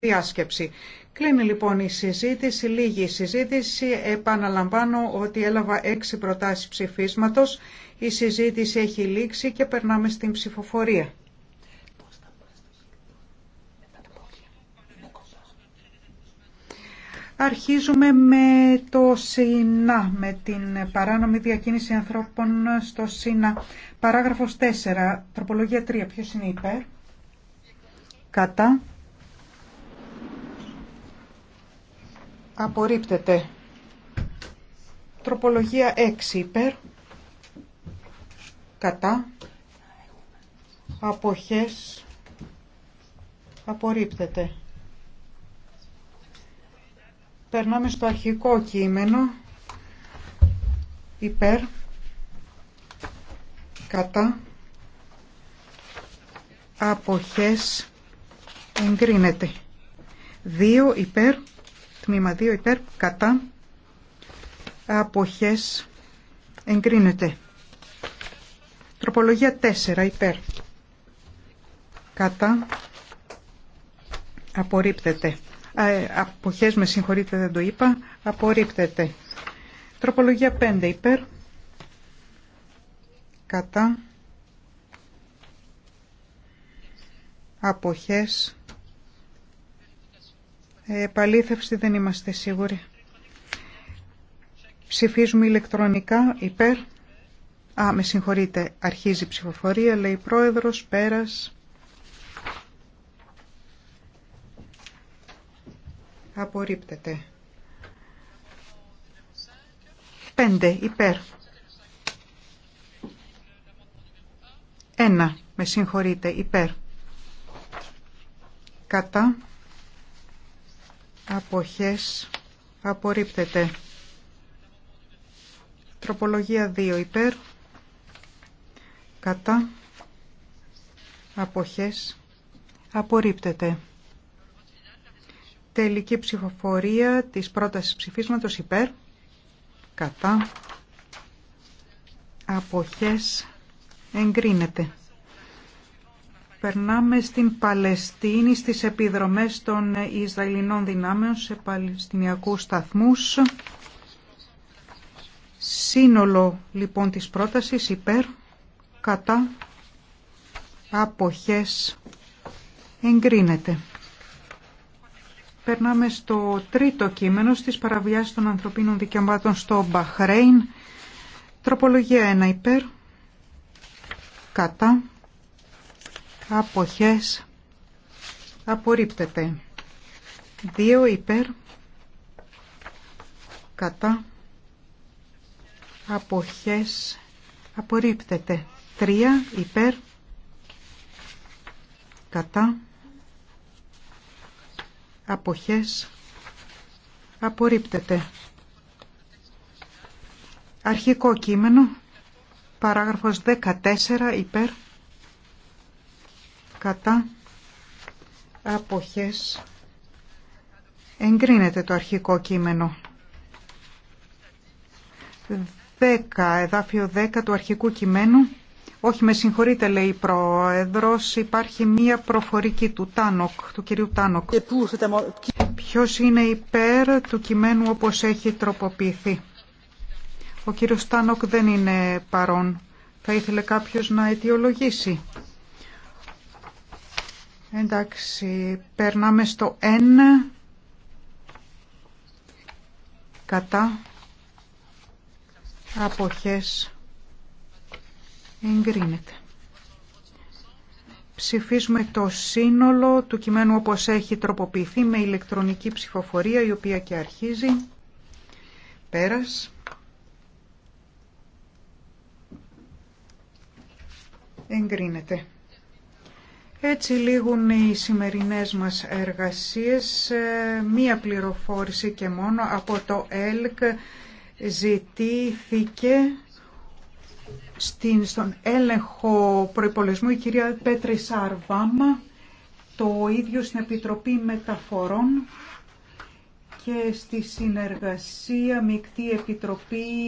διάσκεψη. Κλείνει λοιπόν η συζήτηση, λίγη η συζήτηση. Επαναλαμβάνω ότι έλαβα έξι προτάσεις ψηφίσματος. Η συζήτηση έχει λήξει και περνάμε στην ψηφοφορία. Αρχίζουμε με το ΣΥΝΑ, με την παράνομη διακίνηση ανθρώπων στο ΣΥΝΑ. Παράγραφος 4, τροπολογία 3, ποιος είναι υπέρ, κατά. Απορρίπτεται. Τροπολογία 6 υπέρ. Κατά. Αποχές. Απορρίπτεται. Περνάμε στο αρχικό κείμενο. Υπέρ. Κατά. Αποχές. Εγκρίνεται. 2 υπέρ τμήμα 2 υπέρ κατά αποχές εγκρίνεται. Τροπολογία 4 υπέρ κατά απορρίπτεται. Ε, αποχές με συγχωρείτε δεν το είπα, απορρίπτεται. Τροπολογία 5 υπέρ κατά αποχές ε, επαλήθευση δεν είμαστε σίγουροι. Ψηφίζουμε ηλεκτρονικά υπέρ. Α, με συγχωρείτε, αρχίζει η ψηφοφορία, λέει πρόεδρος, πέρας. Απορρίπτεται. Πέντε υπέρ. Ένα, Με συγχωρείτε, υπέρ. Κατά αποχές απορρίπτεται. Τροπολογία 2 υπέρ, κατά, αποχές, απορρίπτεται. Τελική ψηφοφορία της πρότασης ψηφίσματος υπέρ, κατά, αποχές, εγκρίνεται. Περνάμε στην Παλαιστίνη, στις επιδρομές των Ισραηλινών δυνάμεων σε Παλαιστινιακούς σταθμούς. Σύνολο λοιπόν της πρότασης υπέρ, κατά, αποχές, εγκρίνεται. Περνάμε στο τρίτο κείμενο στις παραβιάσεις των ανθρωπίνων δικαιωμάτων στο Μπαχρέιν. Τροπολογία 1 υπέρ, κατά, αποχές απορρίπτεται. Δύο. υπέρ κατά αποχές απορρίπτεται. Τρία. υπέρ κατά αποχές απορρίπτεται. Αρχικό κείμενο, παράγραφος 14 υπέρ κατά αποχές εγκρίνεται το αρχικό κείμενο. 10, εδάφιο 10 του αρχικού κειμένου. Όχι, με συγχωρείτε, λέει η Πρόεδρος, υπάρχει μία προφορική του Τάνοκ, του κυρίου Τάνοκ. Ποιος είναι υπέρ του κειμένου όπως έχει τροποποιηθεί. Ο κύριος Τάνοκ δεν είναι παρόν. Θα ήθελε κάποιος να αιτιολογήσει. Εντάξει, περνάμε στο 1 κατά αποχές εγκρίνεται. Ψηφίζουμε το σύνολο του κειμένου όπως έχει τροποποιηθεί με ηλεκτρονική ψηφοφορία η οποία και αρχίζει. Πέρας. Εγκρίνεται. Έτσι λήγουν οι σημερινές μας εργασίες. Ε, μία πληροφόρηση και μόνο από το ΕΛΚ ζητήθηκε στην, στον έλεγχο προϋπολεσμού η κυρία Πέτρη Σαρβάμα, το ίδιο στην Επιτροπή Μεταφορών και στη συνεργασία Μικτή Επιτροπή